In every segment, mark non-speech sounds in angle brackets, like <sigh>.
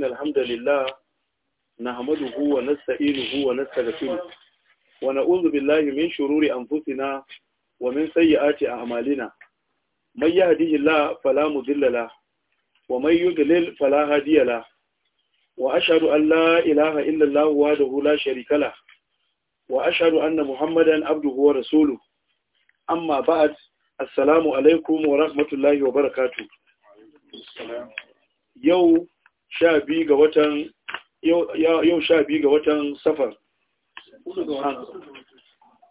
inna alhamdulillah nahmaduhu wa nasta'inuhu wa nastaghfiruh wa na'udhu billahi min shururi anfusina wa min sayyiati a'malina may yahdihillahu fala mudilla la wa may yudlil fala hadiya la wa ashhadu an la ilaha illa allah la sharika wa ashhadu anna muhammadan abduhu wa rasuluh amma ba'd assalamu alaykum wa rahmatullahi wa barakatu.' yau yau sha biyu ga watan safar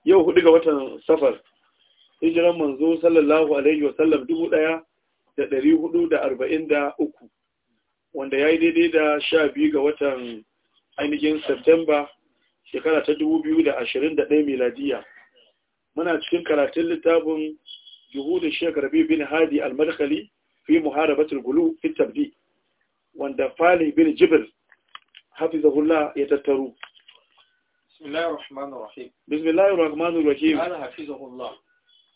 yau hudu ga watan safar hijiran manzo sallallahu alaihi wasallam dubu daya da dari hudu da arba'in da uku wanda ya yi daidai da sha biyu ga watan ainihin Septemba shekara ta dubu biyu da ashirin da ɗaya miladiya muna cikin karatun littafin juhudin shekar bin hadi al fi muharabatul gulu fi tabdi wanda fali bin jibir hafizahullah ya tattaru. bismillahir rahmanir rahim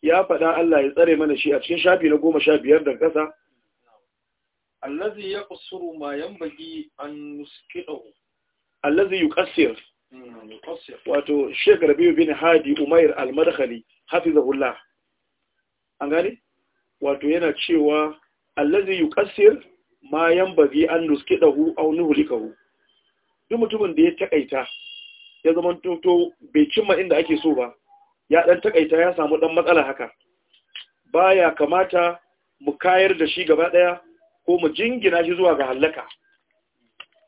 ya faɗa Allah ya tsare mana shi a cikin shafi na goma sha biyar da ƙasa allazi ya kusuru ma yambagi an nuskidahu allazi kasir, hmm, wato shekar biyu bin Hadi Umair al-Madkhali hafizahullah an gani wato yana cewa allazi kasir. ma yan bagi an nuske dahu a kahu. duk mutumin da ya takaita ya zama toto bai cimma inda ake so ba ya ɗan takaita ya samu ɗan matsala haka baya kamata mu kayar da shi gaba ɗaya ko mu jingina shi zuwa ga halaka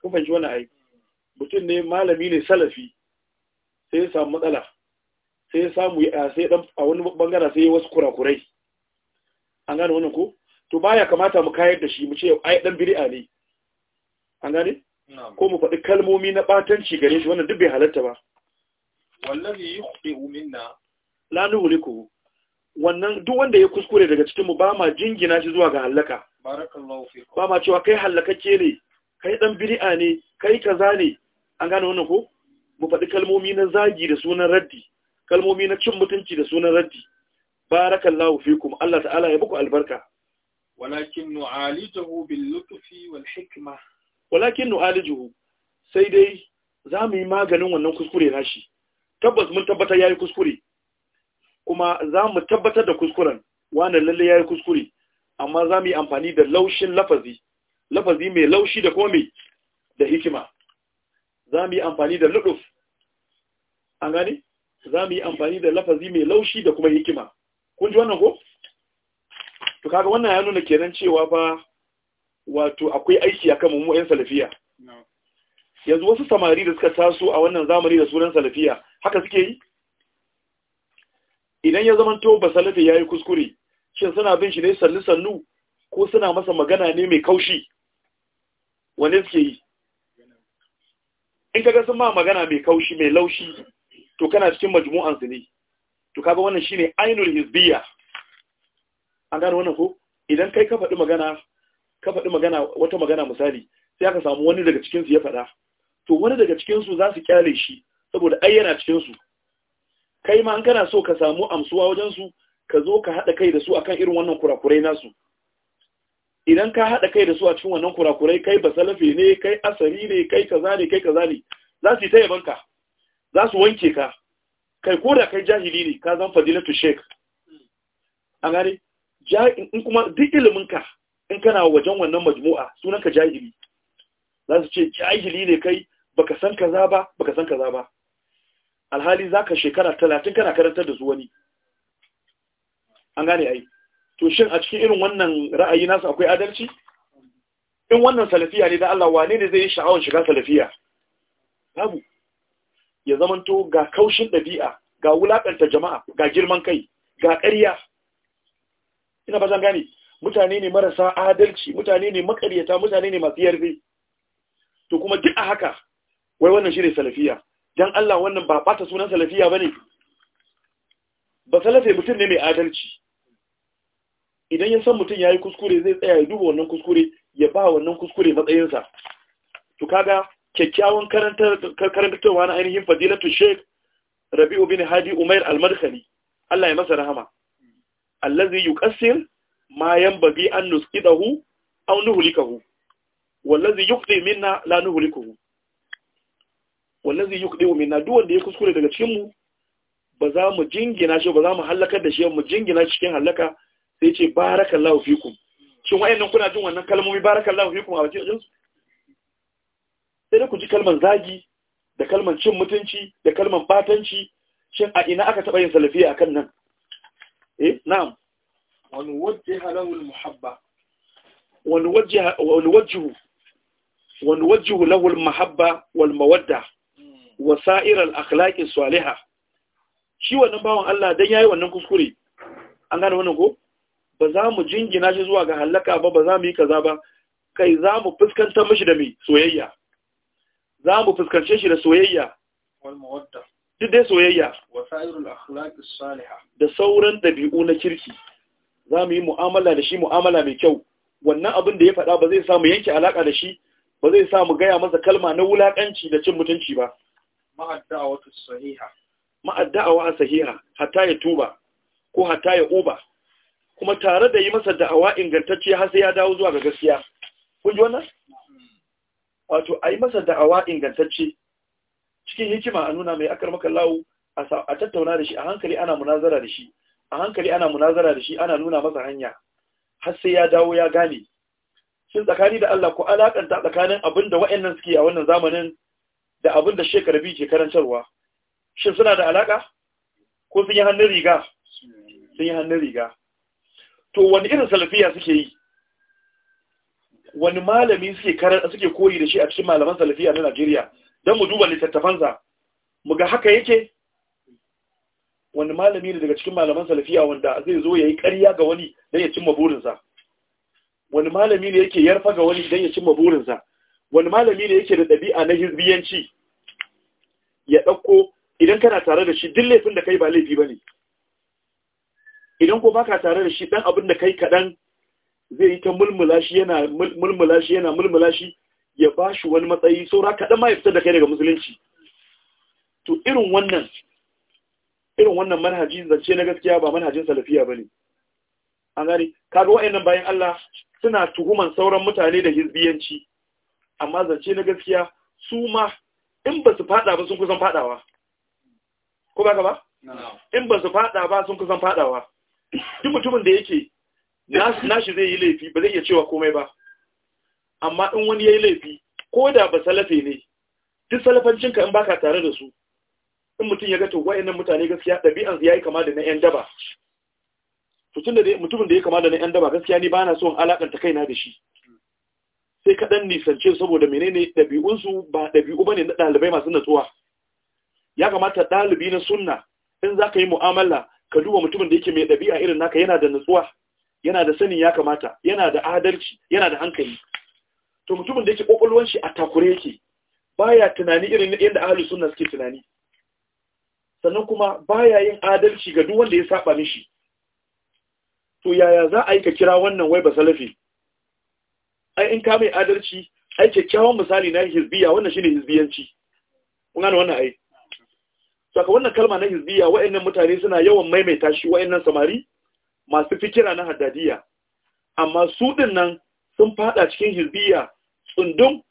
kun fahimci wani ai mutum ne malami ne salafi sai ya samu matsala sai ya samu eh, sai a wani bangara sai ya wasu kurakurai an gane wannan ko to baya kamata mu kayar da shi mu ce ai dan bid'a ne an gane ko mu faɗi kalmomi na batanci gare shi wannan duk bai halatta ba wallahi yukhti'u minna la nuhliku wannan duk wanda ya kuskure daga cikin mu ba ma jingina shi zuwa ga halaka barakallahu fiku ba ma cewa kai ke ne kai dan bid'a ne kai kaza ne an gane wannan ko mu faɗi kalmomi na zagi da sunan raddi kalmomi na cin mutunci da sunan raddi barakallahu fikum Allah ta'ala ya buku albarka walakin nu'alijahu bil lutfi wal hikma walakin nu'alijahu sai dai za mu yi maganin wannan kuskure nashi tabbas mun tabbatar yayi kuskure kuma za mu tabbatar da kuskuren wannan lalle yayi kuskure amma za mu yi amfani da laushin lafazi lafazi mai laushi da kuma mai da hikima za mu yi amfani da luduf an gane za mu yi amfani da lafazi mai laushi da kuma hikima kun ji wannan ko to kaga wannan ya nuna kenan cewa ba wato akwai aiki akan mu salafiya yanzu wasu samari da suka taso a wannan zamani da sunan salafiya haka suke yi idan ya zama zamanto ba salafi yi kuskure shin suna bin shi ne sallu sannu ko suna masa magana ne mai kaushi wanne suke yi in kaga sun ma magana mai kaushi mai laushi to kana cikin majmu'an su ne to kaga wannan shine ainul hizbiyya an gane wannan ko idan kai ka faɗi magana ka faɗi magana wata magana misali sai aka samu wani daga cikin ya faɗa to wani daga cikinsu su za su kyale shi saboda ai yana cikinsu. kai ma an kana so ka samu amsuwa wajen su ka zo ka haɗa kai da su akan irin wannan kurakurai nasu idan ka haɗa kai da su a cikin wannan kurakurai kai ba ne kai asari ne kai kaza ne kai kaza ne za su yi ta yabanka za su wanke ka kai ko da kai jahili ne ka zan fadilatu sheik an gane in kuma duk iliminka in kana wajen wannan majmu'a sunanka jahili za su ce jahili ne kai baka san kaza ba baka san kaza ba alhali zaka shekara 30 kana karantar da su wani an gane ai to shin a cikin irin wannan ra'ayi nasu akwai adalci in wannan salafiya ne da Allah wane ne zai yi sha'awar shiga salafiya babu ya zamanto ga kaushin ɗabi'a ga wulakanta jama'a ga girman kai ga ƙarya ina ba zan gane mutane ne marasa adalci mutane ne makaryata mutane ne masu yarfi to kuma duk a haka wai wannan shi ne salafiya don Allah wannan ba bata sunan salafiya ba ne ba salafe mutum ne mai adalci idan ya san mutum ya yi kuskure zai tsaya ya duba wannan kuskure ya ba wannan kuskure matsayinsa to kaga kyakkyawan karantarwa na ainihin fadilatu sheik rabi'u bin hadi umair al-madkhali Allah ya masa rahama allazi yuqassir ma yanbaghi an nusqidahu aw nuhlikahu wallazi yuqdi minna la nuhlikuhu wallazi yuqdi minna duk wanda ya kuskure daga cikin mu ba za mu jingina shi ba za mu halaka da shi mu jingina cikin halaka sai ce barakallahu fikum shin wayannan kuna jin wannan kalmomi barakallahu fikum a wajen jinsu sai da ku ji kalmar zagi da kalmar cin mutunci da kalmar batanci shin a ina aka taba yin salafiya akan nan نعم eh, na'am له المحبة ونوجه ونوجه ونوجه له المحبة والمودة وسائر wa الصالحة شو al الله دنيا أنا shi Allah dan yi wannan kuskure an gane ba za mu jingina shi zuwa ga halaka ba ba za yi kaza ba kai za mu fuskanta mishi da mai soyayya za fuskance shi da soyayya duk dai soyayya da sauran dabi'u na kirki za mu yi mu'amala da shi mu'amala mai kyau wannan abin da ya faɗa ba zai sa mu yanke alaƙa da shi ba zai sa mu gaya masa kalma na wulaƙanci da cin mutunci ba Ma'adda a wata sahiha hata ya tuba ko hata ya uba kuma tare da yi masa da'awa ingantacce har sai ya dawo zuwa ga gaskiya kun ji wannan mm. wato a yi masa da'awa ingantacce cikin hikima a nuna mai akar maka lawu a tattauna da shi a hankali ana munazara da shi a hankali ana munazara da shi ana nuna masa hanya har sai ya dawo ya gane shin tsakani da Allah ko alakanta tsakanin abin da wa'annan suke a wannan zamanin da abin da shekara biyu ke karantarwa shin suna da alaka ko sun yi hannun riga sun yi hannun riga to wani irin salafiya suke yi wani malami suke suke koyi da shi a cikin malaman salafiya na Najeriya don mu duba littattafansa mu ga haka yake wani malami ne daga cikin malaman salafiya wanda zai zo ya yi ƙarya ga wani don ya cimma burinsa wani malami ne yake yarfa ga wani don ya cimma burinsa wani malami ne yake da ɗabi'a na hizbiyanci ya ɗauko idan kana tare da shi duk laifin da kai ba laifi ba ne idan ko baka tare da shi ɗan abin da kai kaɗan zai yi ta mulmula shi yana mulmula shi yana mulmula shi ya ba shi wani matsayi saura kaɗan ma ya fitar da kai daga musulunci to irin wannan irin wannan manhaji zance na gaskiya ba manhajin salafiya ba ne an gani kaga wa'annan bayan Allah suna tuhuman sauran mutane da hizbiyanci amma zance na gaskiya su ma in ba su fada ba sun kusan fadawa ko ba ka ba in ba su fada ba sun kusan fadawa duk mutumin da yake nashi zai yi laifi ba zai iya cewa komai ba amma in wani ya yi laifi ko da ba salafe ne duk salafancin ka in baka tare da su in mutum ya ga to wayannan mutane gaskiya ɗabi'an su yayi kama da na yan daba to tunda dai mutumin da ya kama da na yan daba gaskiya ni bana son alakanta kaina da shi sai kaɗan nisance saboda menene ɗabi'unsu ba ɗabi'u bane na ɗalibai masu natsuwa ya kamata ɗalibi na sunna in za ka yi mu'amala ka duba mutumin da yake mai ɗabi'a irin naka yana da nutsuwa yana da sanin ya kamata yana da adalci yana da hankali to mutumin da yake kokolwan shi a takure yake baya tunani irin yadda ahli sunna suke tunani sannan kuma baya yin adalci ga duk wanda ya saba mishi to yaya za a yi ka kira wannan wai basalafi ai in ka mai adalci ai kyakkyawan misali na hizbiya wannan shine hizbiyanci kun gane wannan ai To ka wannan kalma na hizbiya wa'annan mutane suna yawan maimaita shi wa'annan samari masu fikira na haddadiya amma su din sun fada cikin hizbiya tsundum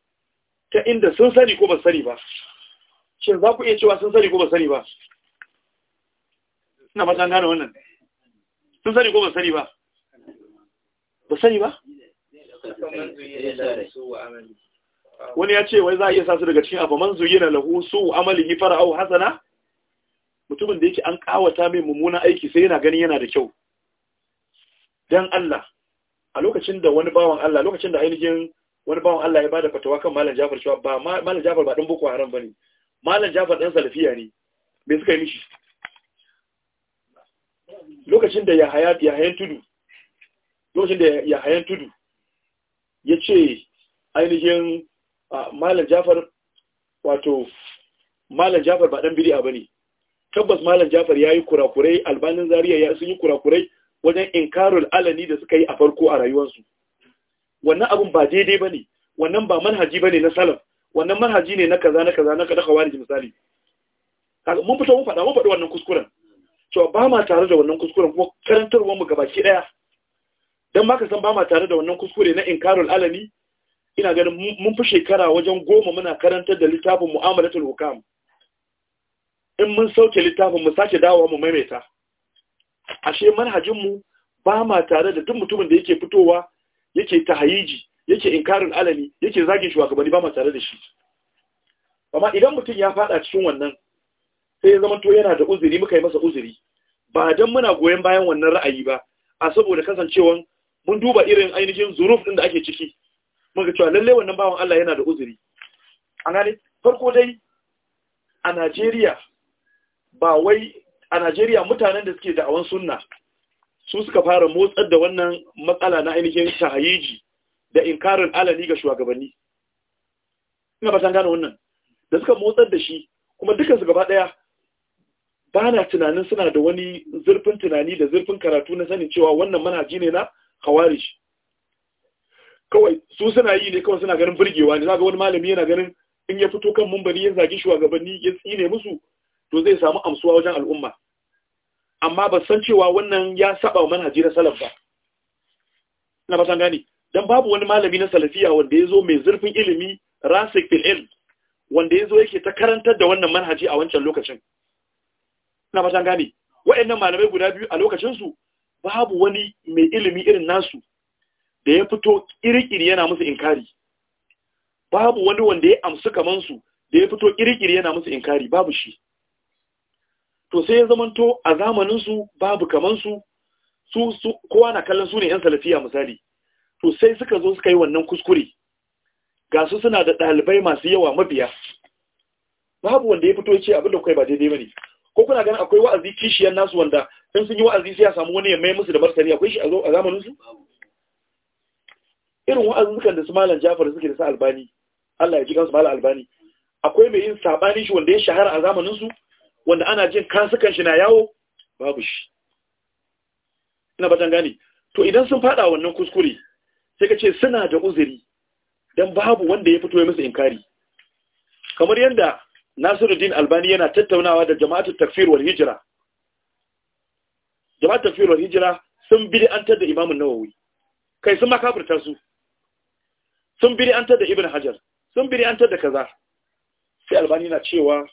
ta inda sun sani ko ba sani ba shin za ku iya cewa sun sani ko ba sani ba ina matan gane wannan sun sani ko ba sani ba ba sani ba wani ya ce wai za a iya sasu daga cikin abu man na lahu su yi fara'au hasana mutumin da yake an kawata mai mummunan aiki sai yana ganin yana da kyau Don Allah a lokacin da wani bawan Allah lokacin da ainihin wani bawan Allah ya bada fatawa kan malam Jafar cewa ba malam Jafar ba dan boko haram bane malam Jafar dan salafiya ne me suka yi mishi lokacin da Yahaya Yahayan Tudu lokacin da Yahayan Tudu ya ce ainihin malam Jafar wato malam Jafar ba dan bid'a bane tabbas malam Jafar yayi kurakurai albanin Zaria ya sun yi kurakurai wajen inkarul alani da suka yi a farko a rayuwarsu wannan abun ba daidai ba ne. wannan ba manhaji ba ne na salaf wannan manhaji ne na kaza na kaza na kada khawarij misali mun fito mun faɗa mun faɗi wannan kuskuren cewa ba ma tare da wannan kuskuren kuma karantarwar mu gabaki ɗaya. dan ba ka san ba ma tare da wannan kuskure na inkarul alami ina ganin mun fi shekara wajen goma muna karantar da littafin mu'amalatul hukam in mun sauke littafin mu sake dawowa mu maimaita ashe manhajin mu ba ma tare da duk mutumin da yake fitowa yake tahayiji yake inkarin alami, yake zagin shugabanni ba ma tare da shi amma idan mutum ya fada cikin wannan sai ya zama to yana da uzuri muka yi masa uzuri ba dan muna goyon bayan wannan ra'ayi ba a saboda kasancewan mun duba irin ainihin zuruf ɗin da ake ciki muka cewa lalle wannan bawan Allah yana da uzuri an gane farko dai a Najeriya ba wai a Najeriya mutanen da suke da da'awan sunna su suka fara motsar da wannan matsala na ainihin shahayiji da inkarin alani ga shugabanni ina ba gane wannan da suka motsar da shi kuma dukkan su gaba ɗaya. ba na tunanin suna da wani zurfin tunani da zurfin karatu na sanin cewa wannan manaji ne na khawarij kawai su suna yi ne kawai suna ganin burgewa ne zaga wani malami yana ganin in ya fito kan mumbari ya zagi shugabanni ya tsine musu to zai samu amsuwa wajen al'umma amma ba san cewa wannan ya saba wa manhaji na salaf ba ina ba san gani dan babu wani malami na salafiya wanda yazo mai zurfin ilimi rasik fil ilm wanda yazo yake ta karantar da wannan manhaji a wancan lokacin ina ba san gani waɗannan malamai guda biyu a lokacin su babu wani mai ilimi irin nasu da ya fito kirkiri yana musu inkari babu wani wanda ya amsu kaman su da ya fito kirkiri yana musu inkari babu shi to sai ya zamanto a zamaninsu babu kamansu su su kowa na kallon su ne yan salafiya misali to sai suka zo suka yi wannan kuskure ga su suna da ɗalibai masu yawa mabiya babu wanda ya fito ya ce abin da kai ba daidai bane ko kuna ganin akwai wa'azi kishiyar nasu wanda in sun yi wa'azi sai a samu wani ya mai musu da martani akwai shi a zamanin su irin sukan da su malam Jafar suke da sa Albani Allah ya ji kansu malam Albani akwai mai yin sabani shi wanda ya shahara a zamanin su wanda ana jin kasukan shi na yawo babu shi ina batan gane to idan sun fada wannan kuskure sai ka ce suna da uzuri dan babu wanda ya fito ya musu inkari kamar yadda Nasiruddin Albani yana tattaunawa da jama'atul takfir wal hijra jama'atul takfir wal hijra sun bid'antar da Imam Nawawi kai sun makafirta su sun antar da Ibn Hajar sun antar da kaza sai Albani na cewa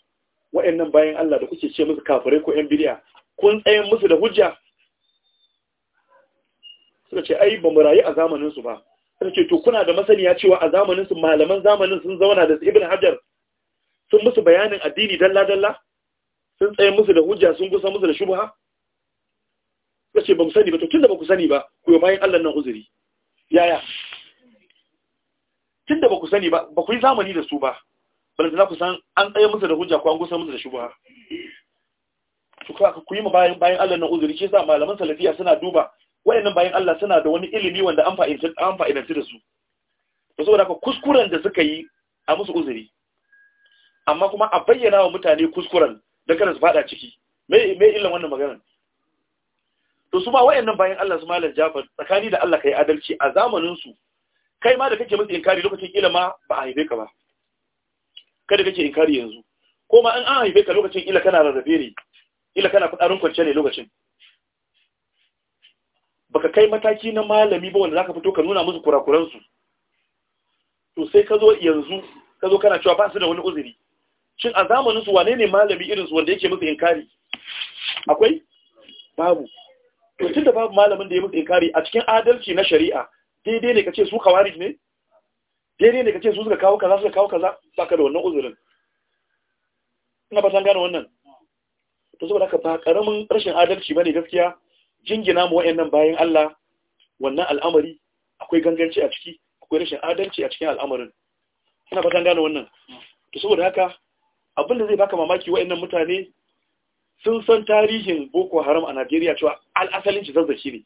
wa'annan bayan Allah da kuke ce musu kafirai ko 'yan bidiya kun tsayen musu da hujja suka ce ai ba mu rayu a zamaninsu ba suka ce to kuna da masaniya cewa a zamaninsu malaman zamanin sun zauna da ibn hajar sun musu bayanin addini dalla-dalla sun tsayen musu da hujja sun kusa musu da shubha suka ce ba mu sani ba to tunda ba ku sani ba ku yi bayan Allah nan uzuri yaya tunda ba ku sani ba ba ku yi zamani da su ba balanta za ku san an tsaye musu da hujja ko an gusa musu da shubuha to ka ku yi bayan bayan Allah na uzuri shi yasa malaman salafiya suna duba wayannan bayan Allah suna da wani ilimi wanda an fa'idanta an fa'idanta da su to saboda haka kuskuren da suka yi a musu uzuri amma kuma a bayyana wa mutane kuskuren da kada su fada ciki me me illan wannan maganar to su ba wayannan bayan Allah su malam Jafar tsakani da Allah kai adalci a zamanin su kai ma da kake musu inkari lokacin ilima ba a haife ka ba kada kake inkari yanzu ko ma an haife ka lokacin ila kana rarrabe ne ila kana kudarin kwance ne lokacin baka kai mataki na malami ba wanda zaka fito ka nuna musu kurakuran su to sai ka zo yanzu ka zo kana cewa ba su da wani uzuri shin a zamanin su wane ne malami irin su wanda yake musu inkari akwai babu to tunda babu malamin da ya musu inkari a cikin adalci na shari'a daidai ne kace su khawarij ne daidai ne ka ce su suka kawo kaza suka kawo kaza baka da wannan uzurin ina ba san gane wannan to saboda haka ba karamin rashin adalci bane gaskiya jingina mu wayannan bayan Allah wannan al'amari akwai ganganci a ciki akwai rashin adalci a cikin al'amarin ina fatan gane wannan to saboda haka abin da zai baka mamaki wayannan mutane sun san tarihin Boko Haram a Najeriya cewa al'asalin shi zazzaki ne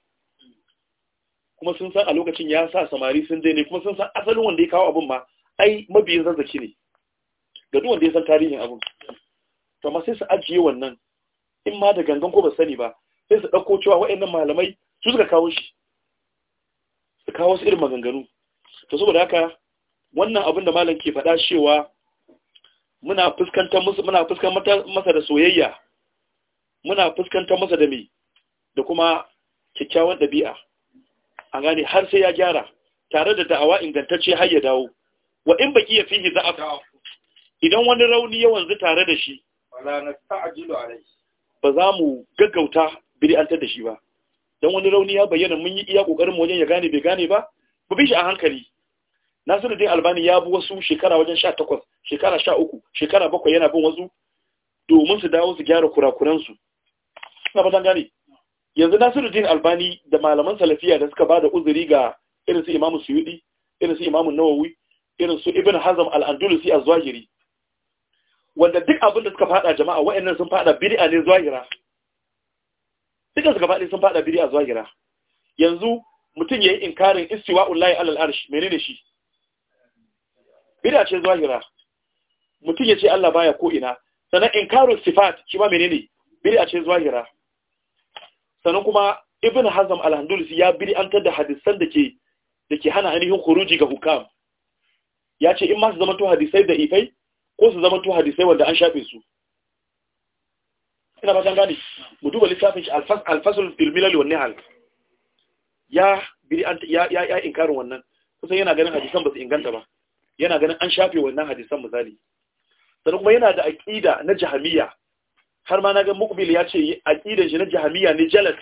kuma sun san a lokacin ya sa samari sun daina kuma sun san asalin wanda ya kawo abin ma ai mabiyin zazzaki ne ga duk wanda ya san tarihin abin to ma sai su ajiye wannan in ma da gangan ko ba sani ba sai su ɗauko cewa waɗannan malamai su suka kawo shi su kawo su irin maganganu to saboda haka wannan abin da malam ke faɗa cewa muna fuskantar musu muna fuskantar masa da soyayya muna fuskantar masa da me da kuma kyakkyawan ɗabi'a a gane har sai ya gyara tare da da'awa ingantacce har ya dawo wa in baki ya fihi za'af idan wani rauni ya wanzu tare da shi ba za mu gaggauta bid'antar da shi ba don wani rauni ya bayyana mun yi iya kokarin wajen ya gane bai gane ba mu bi shi a hankali Nasiruddin Albani ya bi wasu shekara wajen sha-takwas, shekara sha-uku, shekara bakwai yana bin wasu domin su dawo su gyara kurakuransu na gane yanzu Nasiruddin Albani da malaman salafiya da suka ba da uzuri ga irin su imamu Suyudi irin su imamu Nawawi irin su Ibn Hazm al-Andalusi az-Zahiri wanda duk abin da suka fada jama'a wa'annan sun fada bid'a ne zahira duka suka fadi sun fada bid'a zahira yanzu mutum yayi inkarin istiwa'ullahi alal arsh menene shi bid'a ce zahira mutum ya ce Allah baya ko ina sanan inkarul sifat shi ma menene bid'a ce zahira sannan kuma ibn Hazam al-handulisi ya biri an da hadisan da ke da ke hana ainihin khuruji ga hukam ya ce in ma su zama to hadisai da ifai ko su zama to hadisai wanda an shafe su ina fatan gani mu duba littafin shi alfasul filmilal wani ya biri an ya ya ya inkarin wannan kusan yana ganin hadisan ba su inganta ba yana ganin an shafe wannan hadisan misali sannan kuma yana da aqida na jahamiyya har ma na ga mukbil ya ce aqidan shi na jahamiya ne jalas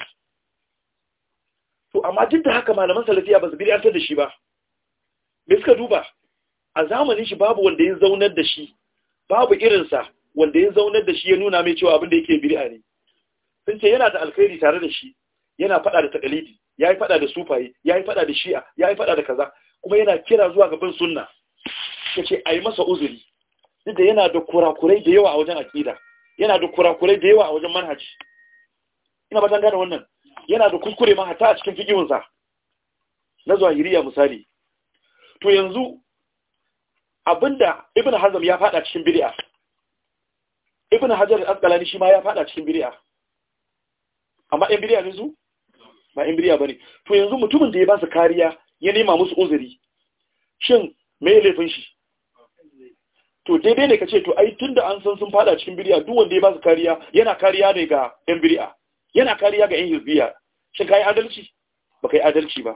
to amma duk da haka malaman salafiya ba su bi da shi ba me suka duba a zamanin shi babu wanda ya zaunar da shi babu irin sa wanda ya zaunar da shi ya nuna mai cewa abin da yake bir'a ne sun ce yana da alkhairi tare da shi yana fada da takalidi yayi fada da sufayi yayi fada da shi'a yayi fada da kaza kuma yana kira zuwa ga bin sunna yace ayi masa uzuri duk da yana da kurakurai da yawa a wajen aqida yana da kurakurai da yawa a wajen manhaji ina ba gane wannan yana da kuskure ma hata a cikin fikihunsa na zahiriya misali to yanzu abinda ibn hazm ya fada cikin bid'a ibn hajar al-asqalani shi ma ya fada cikin bid'a amma in bid'a yanzu ba in bid'a bane to yanzu mutumin da ya ba su kariya ya nema musu uzuri shin me laifin shi to daidai ne ka ce to ai tunda an san sun fada cikin bid'a duk wanda ya ba su kariya yana kariya ne ga yan bid'a yana kariya ga yan hizbiya shin kai adalci ba yi adalci ba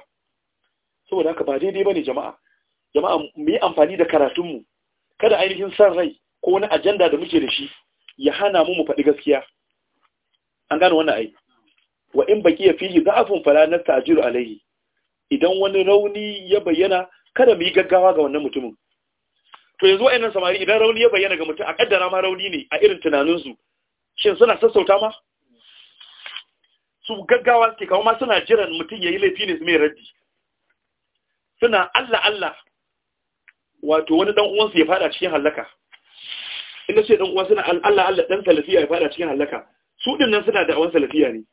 saboda haka ba daidai ne jama'a jama'a mu yi amfani da karatun mu kada ainihin san rai ko wani ajanda da muke da shi ya hana mu mu faɗi gaskiya an gane wannan ai wa in baki ya fihi fara fala ta'ajiru alayhi idan wani rauni ya bayyana kada mu yi gaggawa ga wannan mutumin to yanzu wa'annan samari idan rauni ya bayyana ga mutum a kaddara ma rauni ne a irin tunaninsu shin suna sassauta ma su gaggawa suke kawo ma suna jiran mutum ya yi laifi ne su mai raddi suna allah allah wato wani dan uwansu ya fada cikin hallaka inda ce dan uwa suna allah allah dan salafiya ya fada cikin hallaka su din nan suna da'awan salafiya ne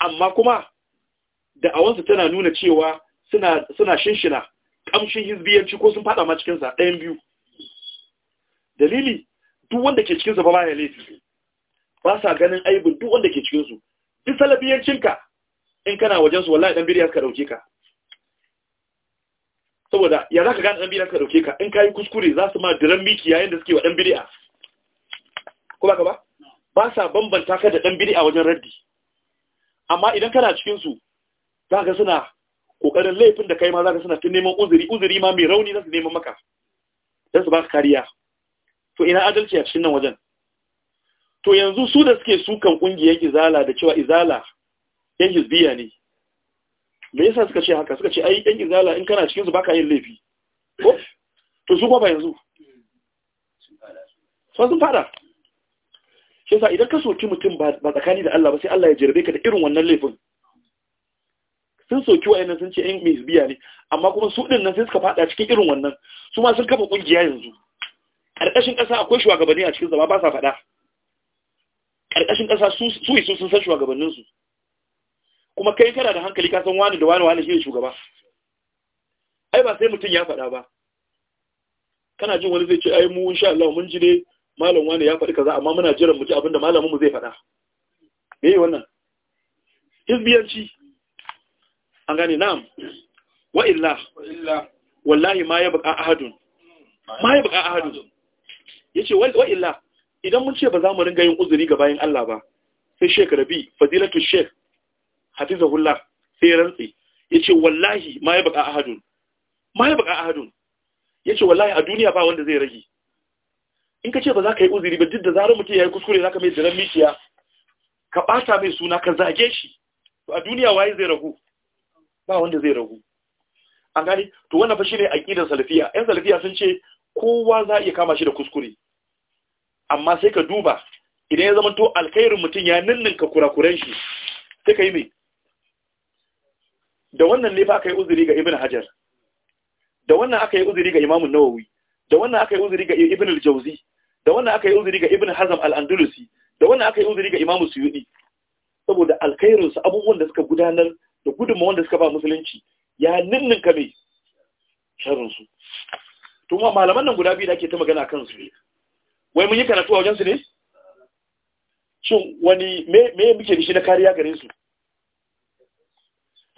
amma kuma da'awansu tana nuna cewa suna suna shinshina kamshin hizbiyanci ko sun fada ma cikinsa ɗayan biyu dalili duk wanda ke cikinsa ba ba ya laifi ba sa ganin aibin duk wanda ke cikinsu duk salafiyancinka in kana wajensu wallahi ɗan biriya suka ɗauke ka saboda ya za ka gane ɗan biriya suka ɗauke ka in ka yi kuskure za su ma diran miki yayin da suke wa ɗan biriya ko ba ka ba ba sa bambanta ka da ɗan biriya wajen raddi amma idan kana cikinsu za ka suna kokarin laifin da kai ma za ka suna ta neman uzuri uzuri ma mai rauni za su neman maka dan su ba ka kariya to ina adalci a cikin nan wajen to yanzu su da suke sukan kungiyar izala da cewa izala yan hizbiya ne me yasa suka ce haka suka ce ai yan izala in kana cikin su baka yin laifi ko to su ba yanzu sun fada shi yasa idan ka soki mutum ba tsakani da Allah ba sai Allah ya jirbe ka da irin wannan laifin sun soki wayannan sun ce yan mai biya ne amma kuma su ɗin nan sai suka faɗa cikin irin wannan su ma sun kafa ƙungiya yanzu ƙarƙashin ƙasa akwai shugabanni a cikin zama ba sa faɗa ƙarƙashin ƙasa su isu sun san su kuma kai kana da hankali ka san wani da wani wani shi shugaba ai ba sai mutum ya faɗa ba kana jin wani zai ce ai mu insha Allah mun ji ne malam wani ya faɗi kaza amma muna jiran mu ji abinda malamin mu zai faɗa me yi wannan hizbiyanci an gane nam? wa illa wallahi ma ya buƙa ahadun ma ya buƙa ahadun yace wa illa idan mun ce ba za mu ringa yin uzuri ga bayan Allah ba sai shek Rabi fadilatu Sheikh Hafizahullah sai ya rantsi yace wallahi ma ya buƙa ahadun ma ya buƙa ahadun yace wallahi a duniya ba wanda zai rage in ka ce ba za ka yi uzuri ba duk da zarar mutum ya yi kuskure za ka mai jiran mikiya ka ɓata mai suna ka zage shi a duniya waye zai ragu ba wanda zai ragu an gani to wannan fa shine aqidar salafiya ɗan salafiya sun ce kowa za iya kama shi da kuskure amma sai ka duba idan ya zama to alkhairin mutum ya ninninka kurakuren shi sai ka yi mai da wannan ne fa aka yi uzuri ga ibn hajar da wannan aka yi uzuri ga imamun nawawi da wannan aka yi uzuri ga ibn al-jawzi da wannan aka yi uzuri ga ibn hazm al-andalusi da wannan aka yi uzuri ga imamu suyudi saboda alkhairin su abubuwan da suka gudanar da gudunma wanda suka ba musulunci ya ka mai sharinsu tun malaman nan guda biyu da ake ta magana kan su ne wai mun yi karatu a wajensu ne shin wani me muke dishi na kariya gare su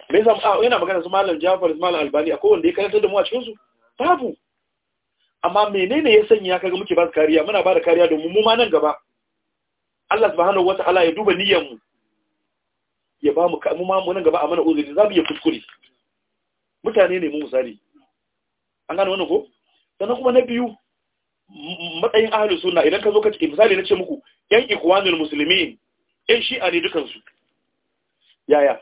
me yasa a yana magana su malam Jafar malam Albani akwai wanda ya karanta da mu a cikin su babu amma menene ya sanya kaga muke ba su kariya muna ba da kariya domin mu ma nan gaba Allah subhanahu wataala ya duba niyyar mu ya ba mu kamu ma mu nan gaba a mana uzuri za mu iya kuskure mutane ne mu misali an gane wannan ko sannan kuma na biyu matsayin ahli sunna idan ka zo ka ce misali na ce muku yan ikwanul muslimin yan shi'a ne dukan su yaya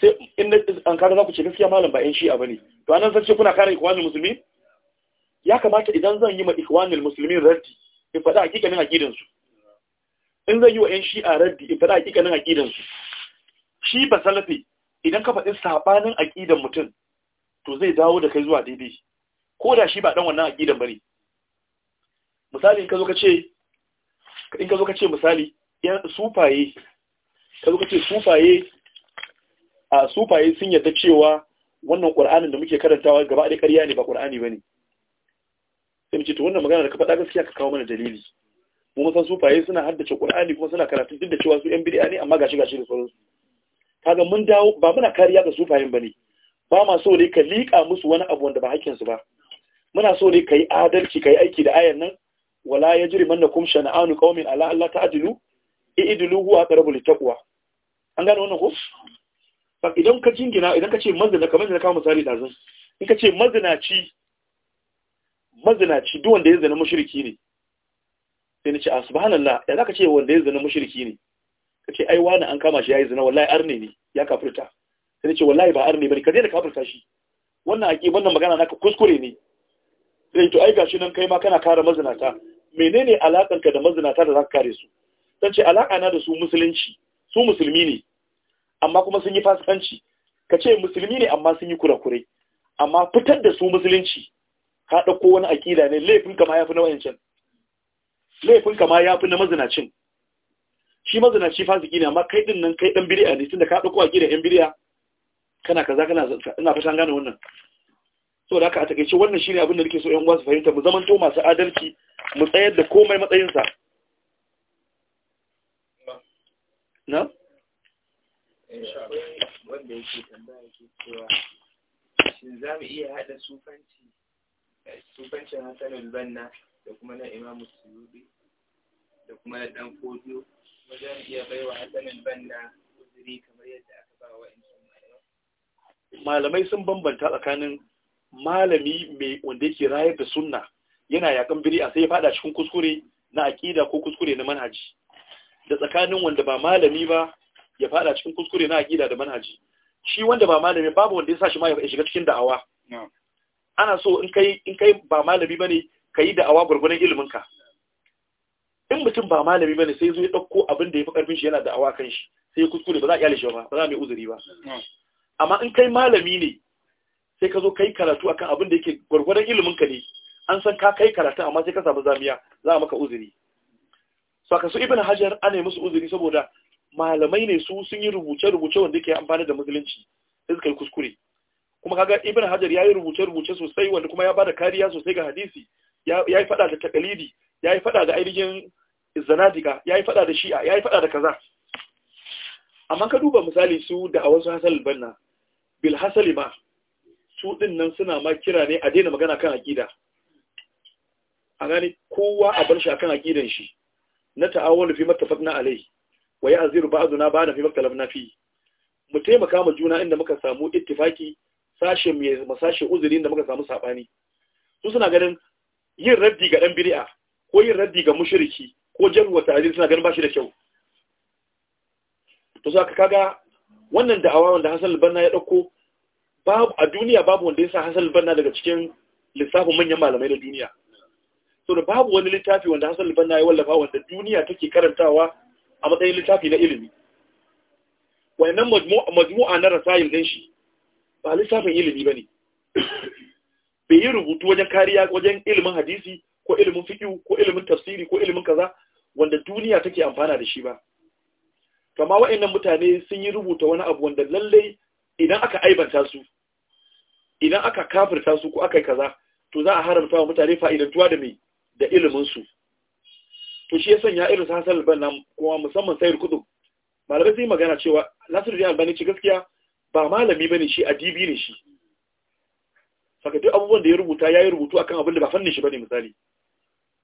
sai in an kada za ku ce gaskiya malam ba yan shi'a bane to anan zan ce kuna kare ikwanul muslimin ya kamata idan zan yi ma ikwanul muslimin raddi in faɗa hakikanin aqidan su in zai yi wa 'yan shi'a raddi in faɗa hakikanin aƙidansu shi ba salafi idan ka faɗi saɓanin aƙidan mutum to zai dawo da kai zuwa daidai ko da shi ba ɗan wannan aƙidan ba ne. misali in ka zo ka ce in ka zo ka ce misali yan sufaye ka zo ka ce sufaye a sufaye sun yarda cewa wannan ƙur'anin da muke karantawa gaba ɗaya ƙarya ne ba ƙur'ani ba ne. sai mu ce to wannan magana da ka faɗa gaskiya ka kawo mana dalili kuma san sufaye suna haddace Qur'ani kuma suna karatu duk da cewa su yan bid'a ne amma gashi gashi da sauransu kaga mun dawo ba muna kariya ga sufayen bane ba ma so ne ka liƙa musu wani abu wanda ba hakkin su ba muna so ne kai adalci kai aiki da ayan nan wala yajrimannakum shana'anu qaumin ala alla ta'dilu i'dilu huwa aqrabu littaqwa an gane wannan ko fa idan ka jingina idan ka ce mazina kamar da ka misali zan in ka ce mazinaci mazinaci duk wanda ya zana mushriki ne sai na ce a ah, subhanallah ya zaka ce wanda ya zina mushriki ne kace ai wani an kama shi yayi zina wallahi arne ne ya kafirta sai na ce wallahi ba arne bane ka daina kafirta shi wannan aki wannan magana naka kuskure ne sai to ai gashi nan kai ma kana kare mazinata menene alakan ka da mazinata da zaka kare su dan ce alaka na da su musulunci su musulmi ne amma kuma sun yi fasikanci kace musulmi ne amma sun yi kurakurai amma fitar da su musulunci ka ɗauko wani akida ne laifin kama ya fi na wayancan laifin kama ya fi na mazinacin shi mazinaci fasiki ne amma kai din nan kai dan biriya ne da ka dauko akida yan biriya kana kaza kana ina fatan gane wannan so da haka a takeice wannan shine abin da nake so yan uwa su fahimta mu zaman to masu adalci mu tsayar da komai matsayin sa na wanda yake tambaya yake cewa shin za mu iya hada sufanci sufancin hasanul banna da kuma na imamu suyuɗi da kuma na ɗan fodiyo kuma za mu iya wa hasanin banna uzuri kamar yadda aka ba wa malamai sun bambanta tsakanin malami mai wanda yake rayar da sunna yana yakan a sai ya fada cikin kuskure na aqida ko kuskure na manhaji da tsakanin wanda ba malami ba ya fada cikin kuskure na aqida da manhaji shi wanda ba malami babu wanda ya sa shi ma ya shiga cikin da'awa ana so in kai in kai ba malami bane ka yi da'awa gwargwadon iliminka in mutum ba malami bane sai zo ya dauko abin da ya fi ƙarfin shi yana da'awa kan shi sai ya kuskure ba za a iya lishewa ba ba za a mai uzuri ba hmm. amma in kai malami ne sai ka zo kai karatu akan abin da yake gwargwadon ilimin ne an san ka kai karatu amma sai ka samu zamiya za a maka uzuri saka su ibn hajar ana musu uzuri saboda malamai ne su sun yi rubuce rubuce wanda yake amfani da musulunci sai suka yi kuskure kuma kaga ibn hajar yayi rubuce rubuce sosai wanda kuma ya bada kariya sosai ga hadisi ya yi fada da takalidi ya yi fada da ainihin zanadika ya yi fada da shi'a ya yi fada da kaza amma ka duba misali su da a wasu hasal banna bil hasali ma su din nan suna ma kira ne a daina magana kan aqida a gani kowa a bar shi akan aqidan shi na ta'awul fi mattafaqna alai wa ya'ziru ba'duna ba'da fi maktalafna fi mu taimaka ma juna inda muka samu ittifaki sashe mai masashe uzurin da muka samu sabani su suna ganin yin raddi ga dan bid'a ko yin raddi ga mushriki ko jarwa ta'dil suna ganin bashi da kyau to saka kaga wannan da'awa wanda Hassan al-Banna ya dauko babu a duniya babu wanda ya sa Hassan al-Banna daga cikin lissafin manyan malamai na duniya so da babu wani littafi wanda Hassan al-Banna ya wallafa wanda duniya take karantawa a matsayin littafi na ilimi nan majmu'a na rasayil din shi ba lissafin ilimi ba ne bai yi rubutu wajen kariya wajen ilimin hadisi ko ilimin fiƙi ko ilimin tafsiri ko ilimin kaza wanda duniya take amfana da shi ba kama wa'annan mutane sun yi rubuta wani abu wanda lallai idan aka aibanta su idan aka kafirta su ko aka yi kaza to za a haramta wa mutane fa'idantuwa da mai da iliminsu to shi ya sanya irin hassan alban nan kuma musamman sayar kudu malamai sai yi magana cewa nasiru albani ce gaskiya ba malami ba ne shi adibi ne shi saka duk abubuwan da ya rubuta ya yi rubutu akan abin da ba fannin shi ba ne, misali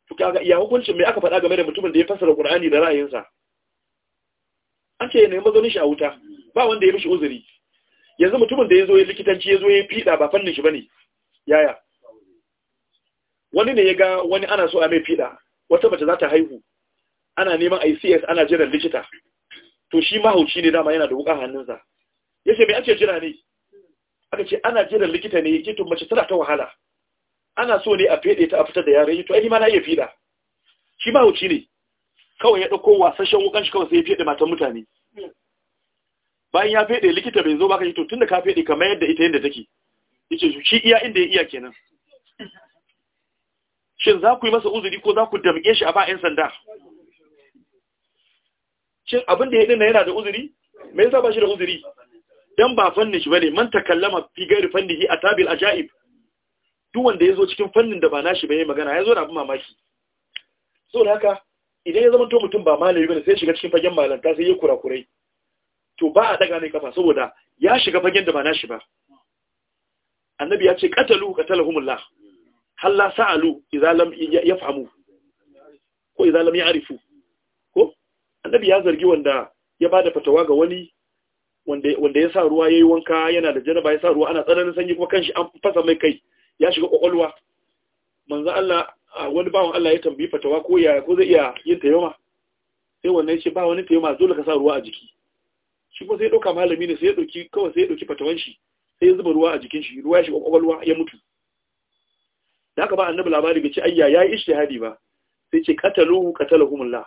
to kaga iya hukuncin me aka faɗa game da mutumin da ya fassara Qur'ani da ra'ayinsa an ce ne mazaunin shi a wuta ba wanda ya mishi uzuri yanzu mutumin da ya zo ya likitanci ya zo ya fiɗa ba fannin shi ba ne, yaya wani ne ya ga wani ana so a mai fiɗa wata mace za ta haihu ana neman ICS ana jiran likita to shi mahauci ne dama yana da wuƙa hannunsa ya ce mai ake jira ne aka ce ana jiran likita ne ke, tun mace tana ta wahala ana so ne a fede ta a fitar da yare to ai ma na iya fida shi ma huci ne kawai ya dauko shan wukan shi kawai sai ya fede matan mutane bayan ya fede likita bai zo baka ka to tunda ka fede kamar yadda ita yadda take yace shi iya inda ya iya kenan shin za ku yi masa uzuri ko za ku damƙe shi a ba 'yan sanda shin abin da ya dina yana da uzuri me yasa ba shi da uzuri dan ba fannin shi bane man takallama fi gairi fannihi atabil ajaib duk wanda yazo cikin fannin da ba nashi bane magana yazo da abin mamaki so da haka idan ya zama to mutum ba malami bane sai shiga cikin fagen malanta sai ya kurakurai to ba a daga ne kafa saboda ya shiga fagen da ba nashi ba annabi ya ce qatalu qatalahumullah hal la sa'alu idza lam yafhamu ko idza lam ya'rifu ko annabi ya zargi wanda ya bada fatawa ga wani wanda ya sa ruwa ya yi wanka yana da janaba ya sa ruwa ana tsananin sanyi kuma kanshi an fasa mai kai ya shiga kwakwalwa manzo Allah wani bawan Allah ya tambayi fatawa ko ya ko zai iya yin tayyama sai wannan shi ba wani tayyama dole ka sa ruwa a jiki shi ko sai dauka malami ne sai ya dauki kawai sai ya dauki fatawan shi sai ya zuba ruwa a jikin shi ruwa ya shiga kwakwalwa ya mutu da haka ba annabi labari bai ce ayya yayi ishtihadi ba sai ce qataluhu qatalahumullah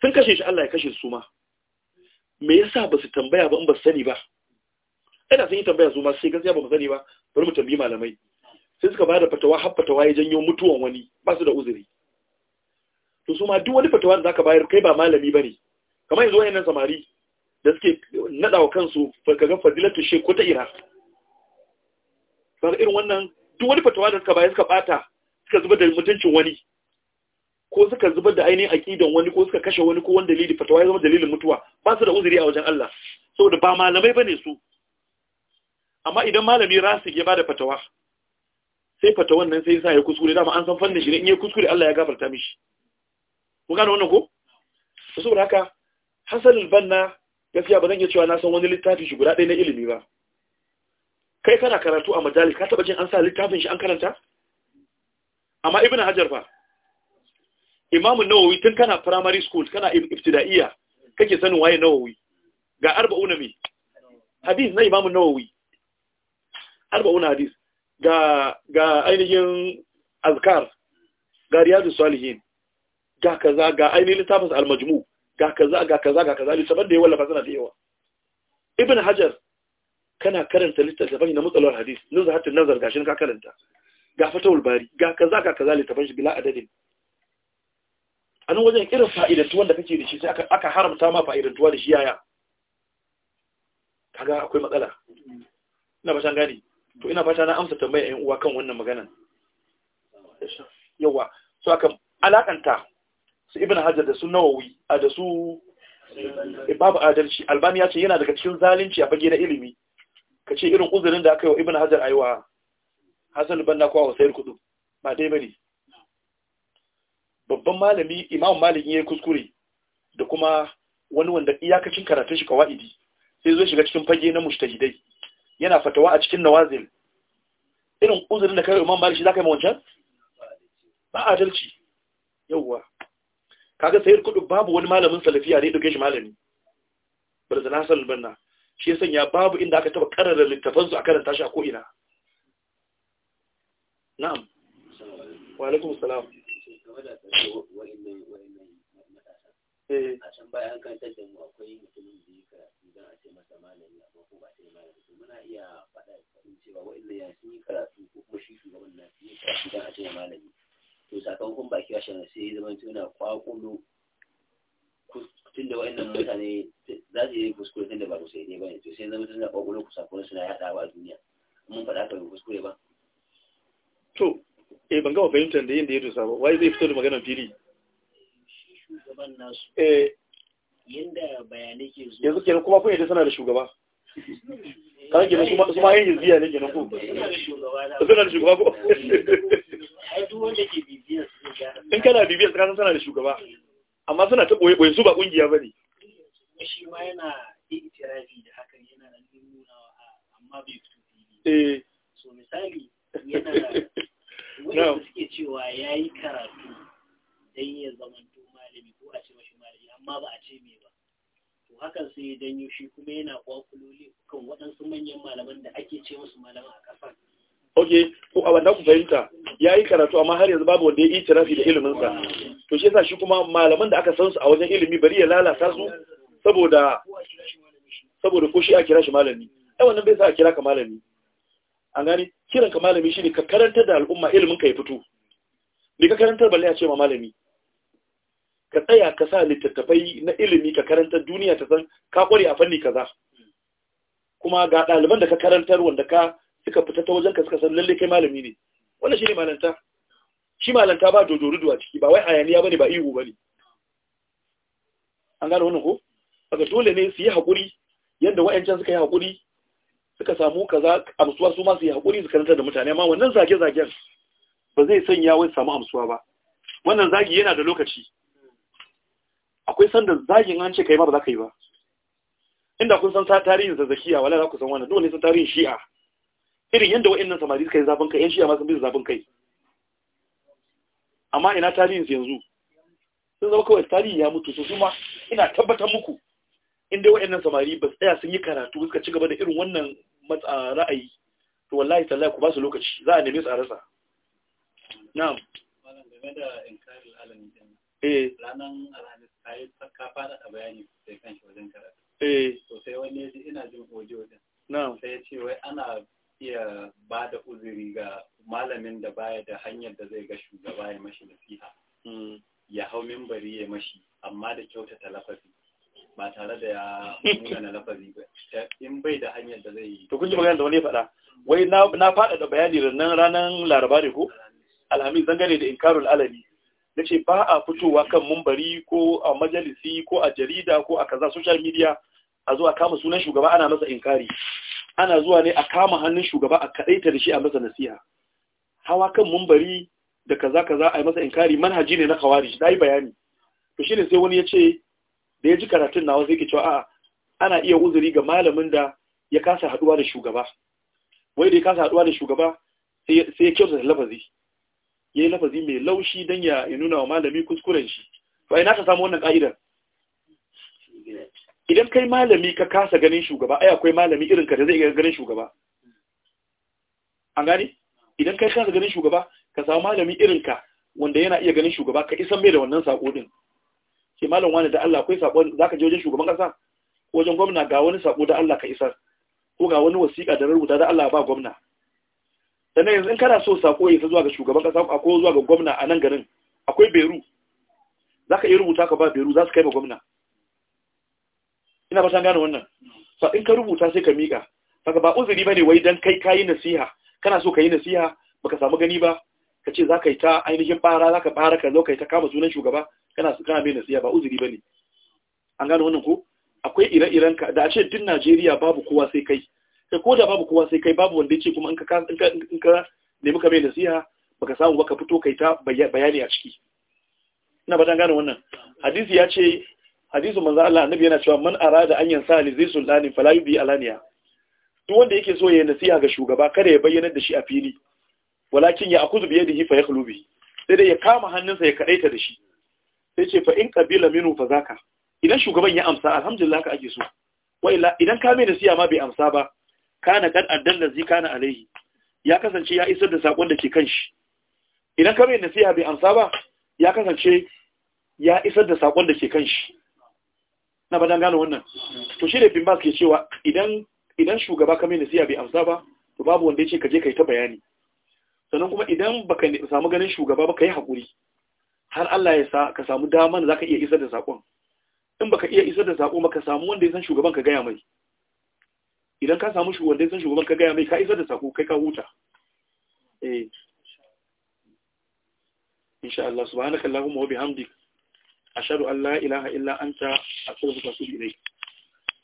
sun kashe shi Allah ya kashe su ma me yasa ba su tambaya ba in ba sani ba ina sun yi tambaya su ma sai gaskiya ba mu sani ba bari mu tambayi malamai sai suka bada fatawa har fatawa ya janyo mutuwan wani ba su da uzuri to su ma duk wani fatawa da zaka bayar kai ba malami bane kamar yanzu wayannan samari da suke nada wa kansu kaga fadilatu shek ko ta ira ba irin wannan duk wani fatawa da suka bayar suka bata suka zuba da mutuncin wani ko suka zubar da ainihin aqidan wani ko suka kashe wani ko wanda dalili fatawa ya zama dalilin mutuwa ba su da uzuri a wajen Allah saboda ba malamai bane su amma idan malami rasu ya bada fatawa sai fatawan nan sai ya sa ya kuskure dama an san fannin shi ne in ya kuskure Allah ya gafarta mishi ku gane wannan ko saboda haka Hassan al-Banna gaskiya ba zan iya cewa na san wani littafi shi guda ɗaya na ilimi ba kai kana karatu a majalis ka taba jin an sa littafin shi an karanta amma ibnu hajar fa Imamun nawawi tun kana primary school kana ibtida'iyya kake sanin waye nawawi ga arba'una me hadis na imamun nawawi arba'una hadis ga ga ainihin azkar ga riyadu salihin ga kaza ga ainihin littafin almajmu ga kaza ga kaza ga kaza littafin da ya wallafa sana da yawa ibn hajar kana karanta littafin na matsalar hadis hatta nazar gashin ka karanta ga fatawul bari ga kaza ga kaza littafin shi bila adadin a nan wajen irin fa'idantuwan da kake da shi sai aka haramta ma fa'idantuwa da shi yaya kaga akwai matsala ina fashan gani to ina fata na amsa tambaya yan uwa kan wannan maganan yawa so aka alakanta su ibn hajar da su nawawi a da su babu adalci albani ya ce yana daga cikin zalunci a fage na ilimi ka ce irin uzurin da aka yi wa ibn hajar aiwa hasan banna kowa wa sayar kudu ba dai bane babban malami imam malik ya kuskure da kuma wani wanda iyakacin karatun shi kawaidi sai zo shiga cikin fage na mujtahidai yana fatawa a cikin nawazil irin uzurin da kai imam malik shi zaka yi wancan ba adalci yawwa kaga sayar kudu babu wani malamin salafiya ne dauke shi malami barzana sal banna shi ya sanya babu inda aka taba karara littafan su a karanta shi a ko ina na'am wa alaikum salaam. Eh. a can baya an kantar da mu akwai mutumin da ya karatu don a ce masa malami amma ko ba sai malami to muna iya faɗa faɗin cewa wa'inda ya sun yi karatu ko kuma shi shugaban na sun yi karatu don a ce malami to sakamakon baki a shan sai ya zama tuna kwakulo tun da wa'innan mutane za su yi kuskure tun da ba kusa ne ba ne to sai zama tuna kwakulo kusakon suna yaɗa ba a duniya mun faɗa ka bai kuskure ba. to eh ban gama fahimtar da yin da ya dusa ba wai zai fito da maganar fili shugaban nasu eh yanda bayanai ke yanzu kuma kun suna da shugaba kuma su ma yin ne ko suna da shugaba ko in kana bibiyar suna da shugaba amma suna ta ɓoye ɓoye su ba ƙungiya ba ne shi ma yana itirafi da haka yana nan amma bai fito Eh. so misali yana da <laughs> wanda suke cewa ya karatu don ya zama amma ba a ce me ba to hakan sai ya danyo shi kuma yana kwakuloli kan waɗansu manyan malaman da ake ce musu malaman a ƙasar ok ko a wannan ku fahimta ya yi karatu amma har yanzu babu wanda ya yi tirafi da iliminsa to shi yasa shi kuma malaman da aka san su a wajen ilimi bari ya lalata su saboda saboda ko shi a kira shi malami ai wannan bai sa a kira ka malami an gani, kiran ka malami shine ka karantar da al'umma ilimin ka ya fito Ni ka karantar balle a ce ma malami ka tsaya ka sa littattafai na ilimi ka karantar duniya ta san ka kware a fanni kaza kuma ga ɗaliban da ka karantar wanda ka suka fita ta wajen ka suka san lalle kai malami ne wannan shine malanta shi malanta ba dodorudu duwa ciki ba wai hayaniya bane ba ihu bane an gane wannan ko daga dole ne su yi haƙuri yadda wa'ancan suka yi haƙuri suka samu kaza amsuwa su ma su yi haƙuri su karantar da mutane amma wannan zage-zagen ba zai sanya wai samu amsuwa ba wannan zagi yana da lokaci akwai sanda zagin an ce kai ma ba za ka yi ba inda kun san tarihin zazzakiya wala za ku san wannan dole sun tarihin shi'a irin yadda wa'annan samari suka yi zafin kai yan shi'a ma sun bi zafin kai amma ina tarihin su yanzu sun zama kawai tarihi ya mutu su kuma ina tabbatar muku inda wa'annan samari ba tsaya sun yi karatu suka ci gaba da irin wannan ra'ayi to wallahi tallahi ku ba su lokaci za a neme su a rasa na'am da eh ranan alhamis ka yi ka fada a bayani sai kan shi wajen karatu eh to sai wani yaji ina jin oji. wajen na'am sai ya ce wai ana iya ba da uzuri ga malamin da baya da hanyar da zai ga shugaba ya mashi nasiha hmm. ya hau mimbari ya mashi amma da kyautata lafazi ba tare da ya nuna <laughs> na lafazi ba in bai da hanyar da zai yi to kun ji magana da wani ya faɗa wai na faɗa da bayani da nan ranar laraba ne ko alhamis zan gane da inkarul alabi na ce ba a fitowa kan mumbari ko a majalisi ko a jarida ko a kaza social media a zuwa kama sunan shugaba ana masa inkari ana zuwa ne a kama hannun shugaba a kadaita da shi a masa nasiha hawa kan mumbari da kaza kaza a masa inkari manhaji ne na shi dai bayani to shine sai wani ya ce da ya ji karatun nawa sai ke cewa a'a ana iya uzuri ga malamin da ya kasa haduwa da shugaba wai da ya kasa haduwa da shugaba sai ya kyautata lafazi ya yi lafazi mai laushi don ya nuna wa malami kuskuren shi ba ina ka samu wannan ka'idar idan kai malami ka kasa ganin shugaba ai akwai malami irin ka da zai iya ganin shugaba an gani idan kai kasa ganin shugaba ka samu malami irin ka wanda yana iya ganin shugaba ka isan mai da wannan sako din ke malam wani da Allah akwai sako zaka je wajen shugaban kasa wajen gwamna ga wani sako da Allah ka isar ko ga wani wasiƙa da rubuta da Allah ba gwamna sannan yanzu in kana so sako ya zuwa ga shugaban kasa ko zuwa ga gwamna a nan garin akwai beru za ka iya rubuta ka ba beru za su kai ma gwamna ina fatan gane wannan fa in ka rubuta sai ka miƙa kaga ba uzuri bane wai dan kai kayi nasiha kana so ka yi nasiha baka samu gani ba ka ce za ka yi ta ainihin bara za ka bara ka zo ka yi ta kama sunan shugaba kana so kana mai nasiha ba uzuri ba ne an gane wannan ko akwai ire-iren ka da a ce duk najeriya babu kowa sai kai sai ko da babu kowa sai kai babu wanda ya ce kuma in ka in ka nemi ka mai nasiha baka samu baka fito kai ta bayani a ciki ina ba gane wannan hadisi ya ce hadisu manzo Allah annabi yana cewa man arada an yansa li zai sultani fala yubi alaniya duk wanda yake so ya nasiha ga shugaba kada ya bayyana da shi a fili walakin ya akuzu biyadihi fa yakhlu bi sai dai ya kama hannunsa ya kadaita da shi sai ce fa in qabila minhu fa zaka idan shugaban ya amsa alhamdulillah ka ake so wa idan ka mai nasiha ma bai amsa ba kana kan addan da zai kana alaihi ya kasance ya isar da sakon da ke kan shi idan ka mai nasiha bai amsa ba ya kasance ya isar da sakon da ke kan shi na badan gano wannan to shi da bimbas ke cewa idan idan shugaba ka mai nasiha bai amsa ba to babu wanda ya ce ka je kai ta bayani sannan kuma idan baka samu ganin shugaba ba ka yi haƙuri har Allah ya sa ka samu daman za ka iya isar da sakon in baka iya isar da sako ba ka samu wanda ya san shugaban ka gaya mai idan ka samu shugaban sun shugaban ka gaya mai ka isa da sako kai ka huta eh insha Allah subhanakallahumma wa bihamdik ashhadu an la ilaha illa anta astaghfiruka wa atubu ilayk